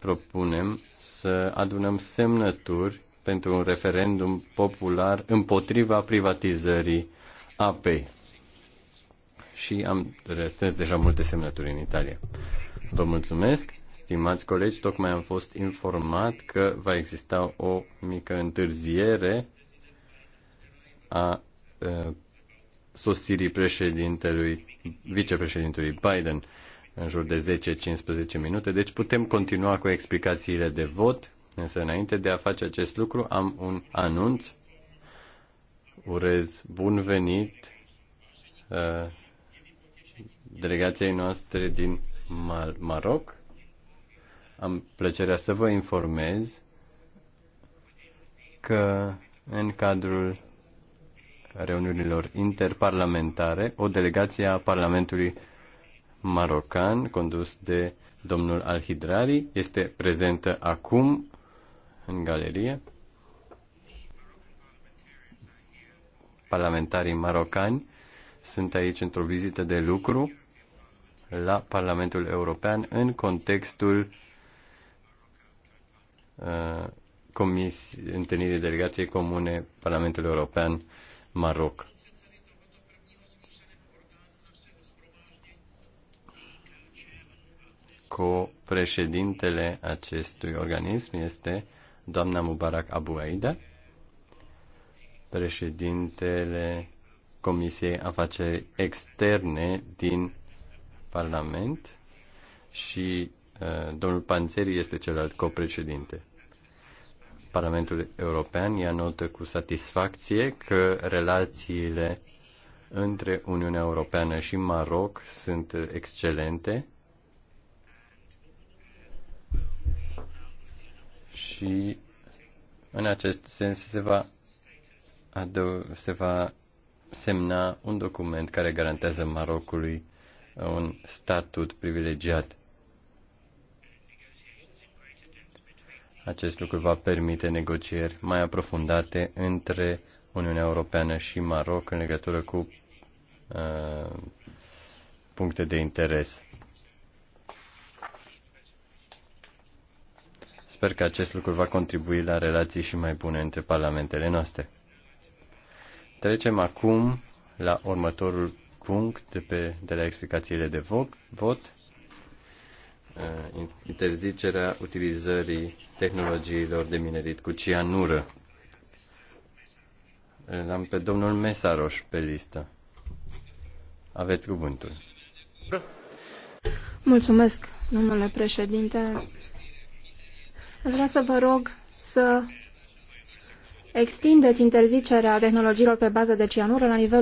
propunem să adunăm semnături pentru un referendum popular împotriva privatizării apei. Și am restrâns deja multe semnături în Italia. Vă mulțumesc, stimați colegi, tocmai am fost informat că va exista o mică întârziere a, a sosirii președintelui, vicepreședintelui Biden în jur de 10-15 minute, deci putem continua cu explicațiile de vot, însă înainte de a face acest lucru am un anunț. Urez bun venit uh, delegației noastre din Mar- Maroc. Am plăcerea să vă informez că în cadrul reuniunilor interparlamentare, o delegație a Parlamentului marocan condus de domnul Alhidrari, este prezentă acum în galerie. Parlamentarii marocani sunt aici într-o vizită de lucru la Parlamentul European în contextul uh, întâlnirii delegației comune Parlamentul European Maroc. co-președintele acestui organism este doamna Mubarak Abu Aida, președintele Comisiei Afaceri Externe din Parlament și uh, domnul Panzeri este celălalt copreședinte. Parlamentul European ia notă cu satisfacție că relațiile între Uniunea Europeană și Maroc sunt excelente și în acest sens se va, adău- se va semna un document care garantează Marocului uh, un statut privilegiat. Acest lucru va permite negocieri mai aprofundate între Uniunea Europeană și Maroc în legătură cu uh, puncte de interes. Sper că acest lucru va contribui la relații și mai bune între parlamentele noastre. Trecem acum la următorul punct de, pe, de la explicațiile de vot, vot uh, interzicerea utilizării tehnologiilor de minerit cu cianură. L-am pe domnul Mesaroș pe listă. Aveți cuvântul. Mulțumesc, domnule președinte. Vreau să vă rog să extindeți interzicerea tehnologiilor pe bază de cianură la nivelul